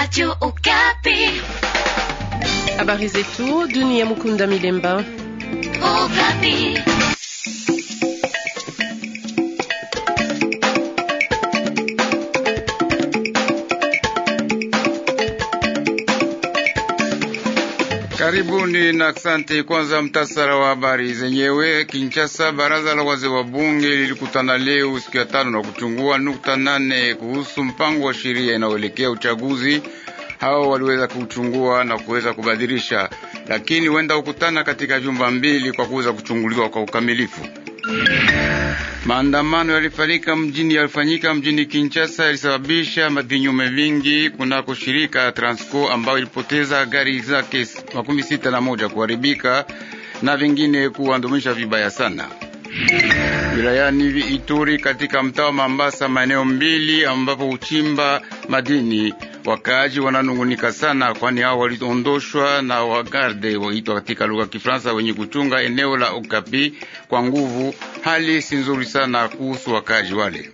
Radio Okapi. Habari zetu dunia, Mukunda Milemba. Okapi. Karibuni na asante. Kwanza mtasara wa habari zenyewe. Kinshasa, baraza la wazee wa bunge lilikutana leo siku ya tano na kuchungua nukta nane kuhusu mpango wa sheria inayoelekea uchaguzi. Hao waliweza kuchungua na kuweza kubadilisha, lakini huenda kukutana katika vyumba mbili kwa kuweza kuchunguliwa kwa ukamilifu. Maandamano yalifanyika mjini yalifanyika mjini Kinshasa yalisababisha vinyume vingi kunako shirika Transco ambayo ilipoteza gari zake makumi sita na moja kuharibika na vingine kuandumisha vibaya sana wilayani Ituri katika mtaa wa Mambasa, maeneo mbili ambapo uchimba madini Wakaaji wananungunika sana, kwani hao waliondoshwa na wagarde waitwa katika lugha ya Kifaransa wenye kuchunga eneo la Okapi kwa nguvu. Hali si nzuri sana kuhusu wakaaji wale.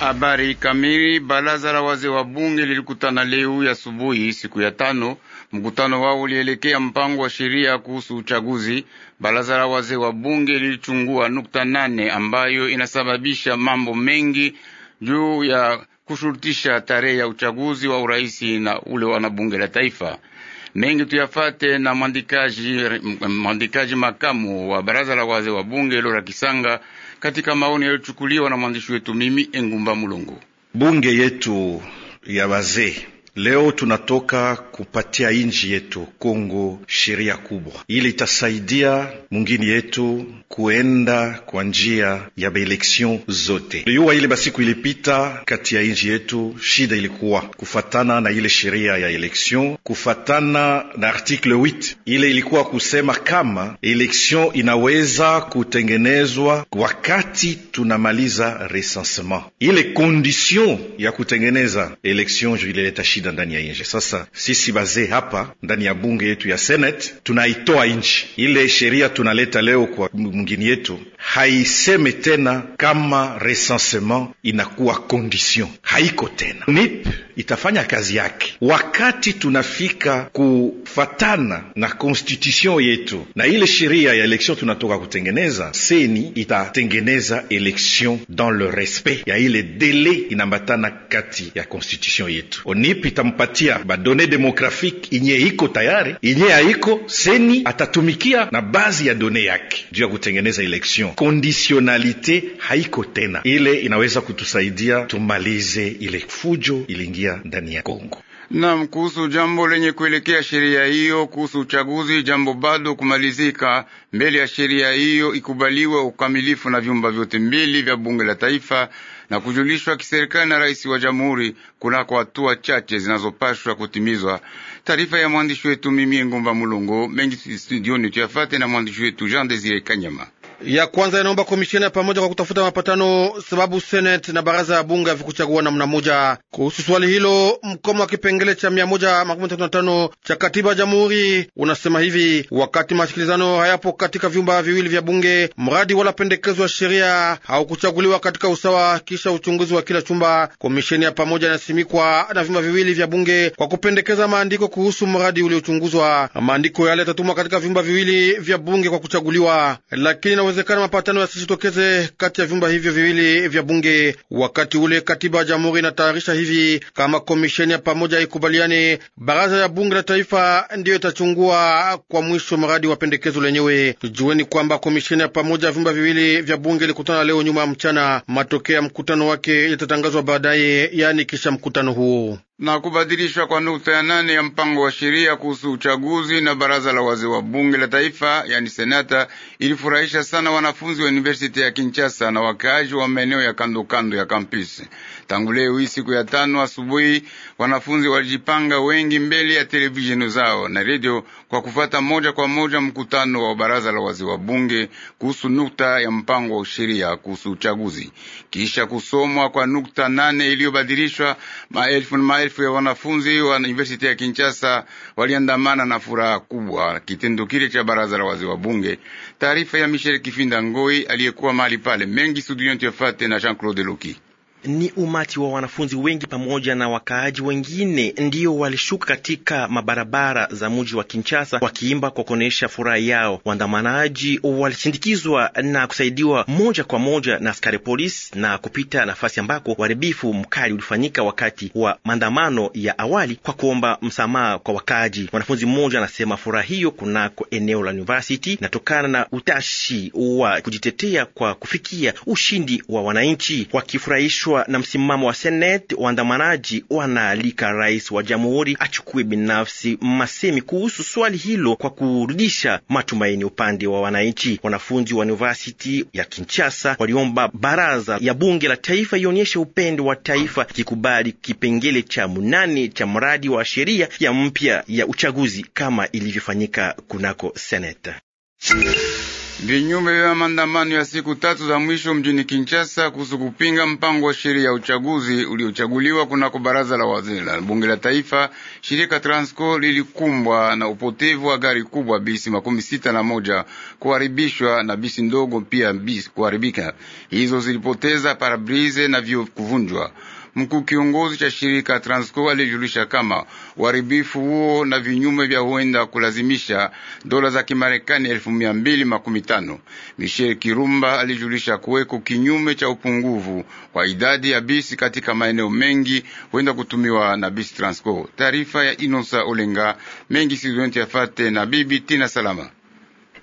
Habari kamili. Baraza la wazee wa bunge lilikutana leo asubuhi, siku ya tano. Mkutano wao ulielekea mpango wa sheria kuhusu uchaguzi. Baraza la wazee wa bunge lilichungua nukta nane ambayo inasababisha mambo mengi juu ya kushurutisha tarehe ya uchaguzi wa uraisi na ule wana bunge la taifa. Mengi tuyafate na mwandikaji mwandikaji makamu wa baraza la wazee wa bunge Lora Kisanga katika maoni yaliyochukuliwa na mwandishi wetu mimi Engumba mulungu Bunge yetu ya wazee Leo tunatoka kupatia nchi yetu Kongo sheria kubwa, ili itasaidia mungini yetu kuenda kwa njia ya maeleksion zote. Liua ile basiku ilipita kati ya nchi yetu, shida ilikuwa kufatana na ile sheria ya eleksion, kufatana na article 8 ile ilikuwa kusema kama eleksion inaweza kutengenezwa wakati tunamaliza recensement. Ile condition ya kutengeneza eleksion ilileta shida shida ndani ya nje. Sasa sisi bazee hapa ndani ya bunge yetu ya Senate tunaitoa nchi ile sheria tunaleta leo kwa mwingine yetu, haiseme tena kama recensement inakuwa condition, haiko tena. NIP itafanya kazi yake wakati tunafika kufatana na constitution yetu na ile sheria ya election tunatoka kutengeneza. Seni itatengeneza election dans le respect ya ile dele inambatana kati ya constitution yetu. ONIP itampatia badone demografiki inye iko tayari, inye haiko seni atatumikia na bazi ya done yake juu ya kutengeneza election. Kondisionalite haiko tena, ile inaweza kutusaidia tumalize ile fujo iliingia ndani ya Kongo. Nam, kuhusu jambo lenye kuelekea sheria hiyo kuhusu uchaguzi, jambo bado kumalizika mbele ya sheria hiyo ikubaliwe ukamilifu na vyumba vyote mbili vya bunge la taifa na kujulishwa kiserikali na rais wa jamhuri kunako hatua chache zinazopashwa kutimizwa. Taarifa ya mwandishi wetu Mimie Ngumba Mulungu mengi studioni tuyafate na mwandishi wetu Jean Desire Kanyama ya kwanza inaomba komisheni ya pamoja kwa kutafuta mapatano, sababu seneti na baraza ya bunge havikuchagua namna moja kuhusu swali hilo. Mkomo wa kipengele cha mia moja makumi tatu na tano cha katiba ya jamhuri unasema hivi: wakati masikilizano hayapo katika vyumba viwili vya bunge, mradi wala pendekezo wa sheria haukuchaguliwa katika usawa kisha uchunguzi wa kila chumba. Komisheni ya pamoja inasimikwa na vyumba viwili vya bunge kwa kupendekeza maandiko kuhusu mradi uliochunguzwa. Maandiko yale yatatumwa katika vyumba viwili vya bunge kwa kuchaguliwa, lakini inawezekana mapatano yasijitokeze kati ya vyumba hivyo viwili vya bunge. Wakati ule katiba ya jamhuri inatayarisha hivi kama komisheni ya pamoja ikubaliane, baraza ya bunge la taifa ndiyo itachungua kwa mwisho mradi wa pendekezo lenyewe. Jueni kwamba komisheni ya pamoja ya vyumba viwili vya bunge ilikutana leo nyuma ya mchana. Matokeo ya mkutano wake yatatangazwa baadaye, yaani kisha mkutano huo na kubadilishwa kwa nukta ya nane ya mpango wa sheria kuhusu uchaguzi na baraza la wazee wa bunge la taifa, yani senata, ilifurahisha sana wanafunzi wa universiti ya Kinshasa na wakaaji wa maeneo ya kandokando ya kampisi. Tangu leo hii siku ya tano asubuhi, wanafunzi walijipanga wengi mbele ya televisheni zao na redio kwa kufata moja kwa moja mkutano wa baraza la wazee wa bunge kuhusu nukta ya mpango wa sheria kuhusu uchaguzi. Kisha kusomwa kwa nukta nane iliyobadilishwa, maelfu na maelfu ya wanafunzi wa University ya Kinshasa waliandamana na furaha kubwa kitendo kile cha baraza la wazee wa bunge. Taarifa ya Michel Kifinda Ngoi aliyekuwa mahali pale mengi studioni tuyafate na Jean Claude Luki. Ni umati wa wanafunzi wengi pamoja na wakaaji wengine ndio walishuka katika mabarabara za mji wa Kinshasa wakiimba kwa kuonyesha furaha yao. Waandamanaji walishindikizwa na kusaidiwa moja kwa moja na askari polisi na kupita nafasi ambako uharibifu mkali ulifanyika wakati wa maandamano ya awali kwa kuomba msamaha kwa wakaaji. Mwanafunzi mmoja anasema furaha hiyo kunako eneo la university inatokana na utashi wa kujitetea kwa kufikia ushindi wa wananchi wakifurahishwa Kuchoshwa na msimamo wa senate waandamanaji wanaalika rais wa jamhuri achukue binafsi masemi kuhusu swali hilo kwa kurudisha matumaini upande wa wananchi. Wanafunzi wa University ya Kinshasa waliomba baraza ya bunge la taifa ionyeshe upendo wa taifa kikubali kipengele cha munane cha mradi wa sheria ya mpya ya uchaguzi kama ilivyofanyika kunako Seneti vinyume vya maandamano ya siku tatu za mwisho mjini Kinshasa kuhusu kupinga mpango wa sheria ya uchaguzi uliochaguliwa kunako baraza la wazee la bunge la taifa. Shirika Transco lilikumbwa na upotevu wa gari kubwa bisi makumi sita na moja kuharibishwa na bisi ndogo pia bisi kuharibika, hizo zilipoteza parabrize na vio kuvunjwa mkuu kiongozi cha shirika Transco alijulisha kama uharibifu huo na vinyume vya huenda kulazimisha dola za Kimarekani elfu mia mbili makumi tano. Michel Kirumba alijulisha kuweko kinyume cha upungufu kwa idadi ya bisi katika maeneo mengi huenda kutumiwa na bisi Transco. Taarifa ya Inosa Olenga mengi sidonti yafate na bibi Tina Salama.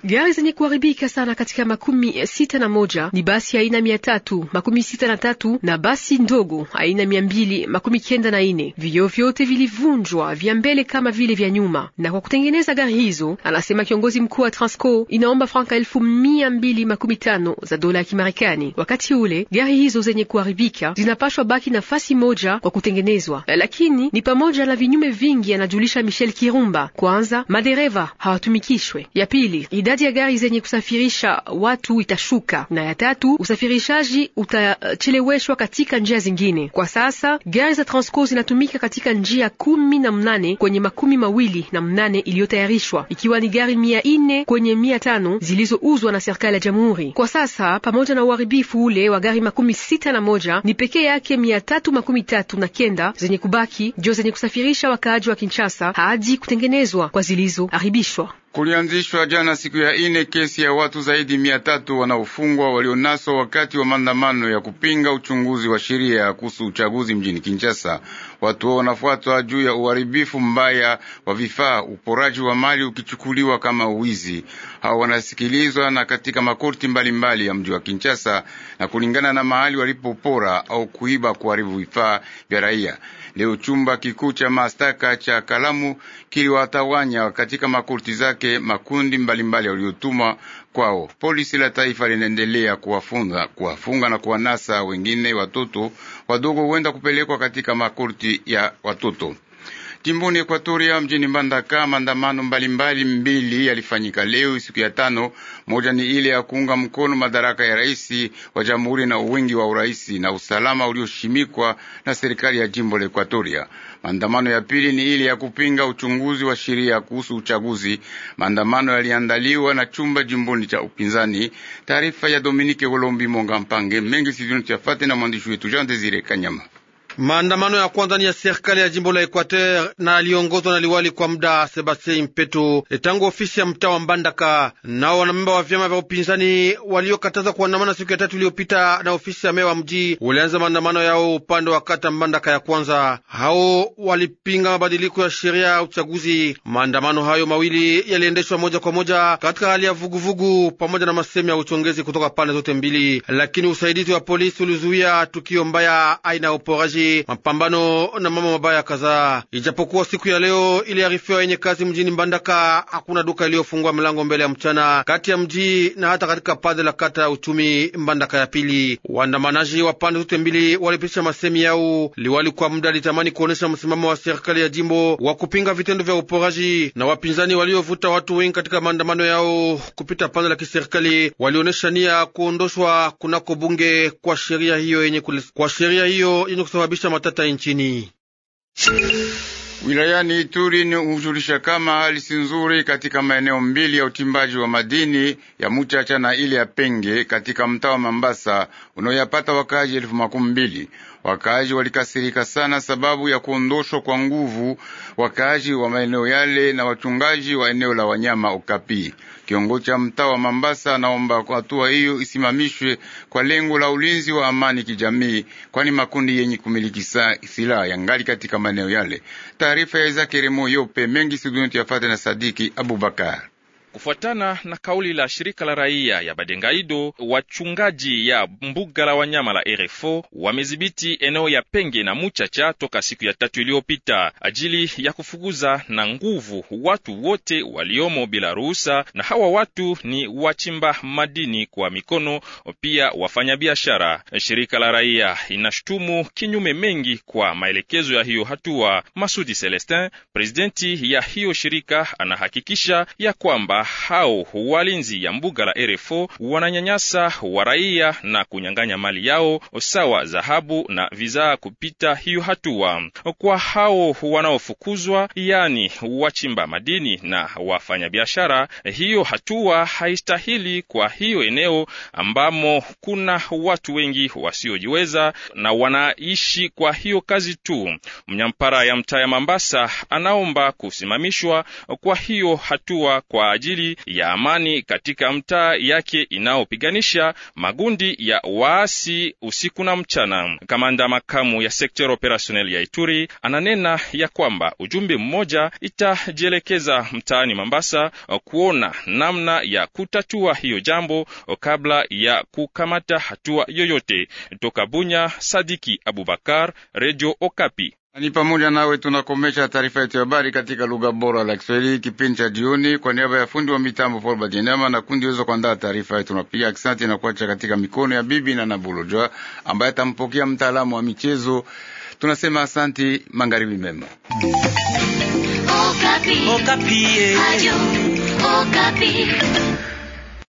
Gari zenye kuharibika sana katika makumi sita na moja ni basi aina mia tatu makumi sita na tatu na basi ndogo aina mia mbili makumi kenda na ine. Vioo vyote vilivunjwa vya mbele kama vile vya nyuma, na kwa kutengeneza gari hizo, anasema kiongozi mkuu wa Transco inaomba franka elfu mia mbili makumi tano za dola ya Kimarekani. Wakati ule gari hizo zenye kuharibika zinapashwa baki nafasi moja kwa kutengenezwa, lakini ni pamoja na vinyume vingi, anajulisha Michel Kirumba. Kwanza, madereva hawatumikishwe. Ya pili, idadi ya gari zenye kusafirisha watu itashuka, na ya tatu usafirishaji utacheleweshwa katika njia zingine. Kwa sasa gari za Transco zinatumika katika njia kumi na mnane kwenye makumi mawili na mnane iliyotayarishwa, ikiwa ni gari mia ine kwenye mia tano zilizouzwa na serikali ya jamhuri. Kwa sasa pamoja na uharibifu ule wa gari makumi sita na moja ni pekee yake mia tatu makumi tatu na kenda zenye kubaki ndio zenye kusafirisha wakaaji wa Kinshasa hadi kutengenezwa kwa zilizoharibishwa. Kulianzishwa jana siku ya ine kesi ya watu zaidi mia tatu wanaofungwa walionaswa wakati wa maandamano ya kupinga uchunguzi wa sheria kuhusu uchaguzi mjini Kinshasa. Watu hao wanafuatwa juu ya uharibifu mbaya wa vifaa, uporaji wa mali ukichukuliwa kama uwizi hao wanasikilizwa na katika makorti mbalimbali ya mji wa Kinshasa na kulingana na mahali walipopora au kuiba kuharibu vifaa vya raia. Leo chumba kikuu cha mashtaka cha Kalamu kiliwatawanya katika makorti zake makundi mbalimbali waliotumwa kwao. Polisi la taifa linaendelea kuwafunga, kuwafunga na kuwanasa wengine watoto wadogo huenda kupelekwa katika makorti ya watoto. Jimboni Ekwatoria, mjini Mbandaka, maandamano mbalimbali mbili yalifanyika leo siku ya tano. Moja ni ile ya kuunga mkono madaraka ya rais wa jamhuri na uwingi wa urais na usalama ulioshimikwa na serikali ya jimbo la Ekwatoria. Maandamano ya pili ni ile ya kupinga uchunguzi wa sheria kuhusu uchaguzi. Maandamano yaliandaliwa na chumba jimboni cha upinzani. Taarifa ya Dominike Wolombi Monga Mpange mengi sizoni tuyafate na mwandishi wetu Jean Desire Kanyama. Maandamano ya kwanza ni ya serikali ya jimbo la Equateur na aliongozwa na liwali kwa muda Sebastien Mpeto e, tangu ofisi ya mtaa wa Mbandaka. Nao wanamemba wa vyama vya upinzani waliokataza kuandamana siku ya tatu iliyopita na ofisi ya meya wa mji walianza maandamano yao upande wa kata Mbandaka ya kwanza. Hao walipinga mabadiliko ya sheria ya uchaguzi. Maandamano hayo mawili yaliendeshwa moja kwa moja katika hali ya vuguvugu pamoja na masemi ya uchongezi kutoka pande zote mbili, lakini usaidizi wa polisi ulizuia tukio mbaya aina ya uporaji kazi, mapambano na mama mabaya kadhaa. Ijapokuwa siku ya leo iliarifiwa yenye kazi mjini Mbandaka hakuna duka iliyofungwa mlango mbele ya mchana kati ya mji na hata katika pande la kata ya uchumi Mbandaka ya pili. Waandamanaji wa pande zote mbili walipitisha masemi yao. Liwali kwa muda alitamani kuonesha msimamo wa serikali ya jimbo wa kupinga vitendo vya uporaji, na wapinzani waliovuta watu wengi katika maandamano yao kupita pande la kiserikali walionesha nia kuondoshwa kunako bunge kwa sheria hiyo yenye kwa sheria hiyo yenye kusababisha kusababisha matata nchini. Wilayani Ituri ni hujulisha kama hali si nzuri katika maeneo mbili ya utimbaji wa madini ya Muchacha na ile ya Penge katika mtaa wa Mambasa unaoyapata wakaaji elfu makumi mbili. Wakaaji walikasirika sana sababu ya kuondoshwa kwa nguvu wakaaji wa maeneo yale na wachungaji wa eneo la wanyama Okapi. Kiongozi cha mtaa wa Mambasa anaomba hatua hiyo isimamishwe kwa lengo la ulinzi wa amani kijamii, kwani makundi yenye kumiliki silaha yangali katika maeneo yale. Taarifa ya izakeremo Yope mengi sugunti Yafate na Sadiki Abubakar. Kufuatana na kauli la shirika la raia ya Badengaido, wachungaji ya mbuga la wanyama la RFO wamedhibiti eneo ya Penge na Muchacha toka siku ya tatu iliyopita, ajili ya kufukuza na nguvu watu wote waliomo bila ruhusa, na hawa watu ni wachimba madini kwa mikono, pia wafanyabiashara. Shirika la raia inashutumu kinyume mengi kwa maelekezo ya hiyo hatua. Masudi Celestin, presidenti ya hiyo shirika, anahakikisha ya kwamba hao walinzi ya mbuga la RFO wananyanyasa waraia na kunyang'anya mali yao sawa dhahabu na vizaa kupita hiyo hatua. Kwa hao wanaofukuzwa, yani wachimba madini na wafanyabiashara, hiyo hatua haistahili kwa hiyo eneo ambamo kuna watu wengi wasiojiweza na wanaishi kwa hiyo kazi tu. Mnyampara ya mtaa ya Mambasa anaomba kusimamishwa kwa hiyo hatua kwa ajili ajili ya amani katika mtaa yake inayopiganisha magundi ya waasi usiku na mchana. Kamanda makamu ya sekter operasionel ya Ituri ananena ya kwamba ujumbe mmoja itajielekeza mtaani Mambasa kuona namna ya kutatua hiyo jambo kabla ya kukamata hatua yoyote. Toka Bunya, Sadiki Abubakar, Radio Okapi. Ni pamoja nawe tunakomesha taarifa yetu ya habari katika lugha bora la Kiswahili kipindi cha jioni. Kwa niaba ya fundi wa mitambo Paul Bajenema na kundi uwezo kuandaa taarifa yetu, tunapiga asante na kuacha katika mikono ya bibi na Nabulojwa ambaye atampokea mtaalamu wa michezo. Tunasema asanti, magharibi mema. Okapi. Okapi. Eh. Ayu, Okapi.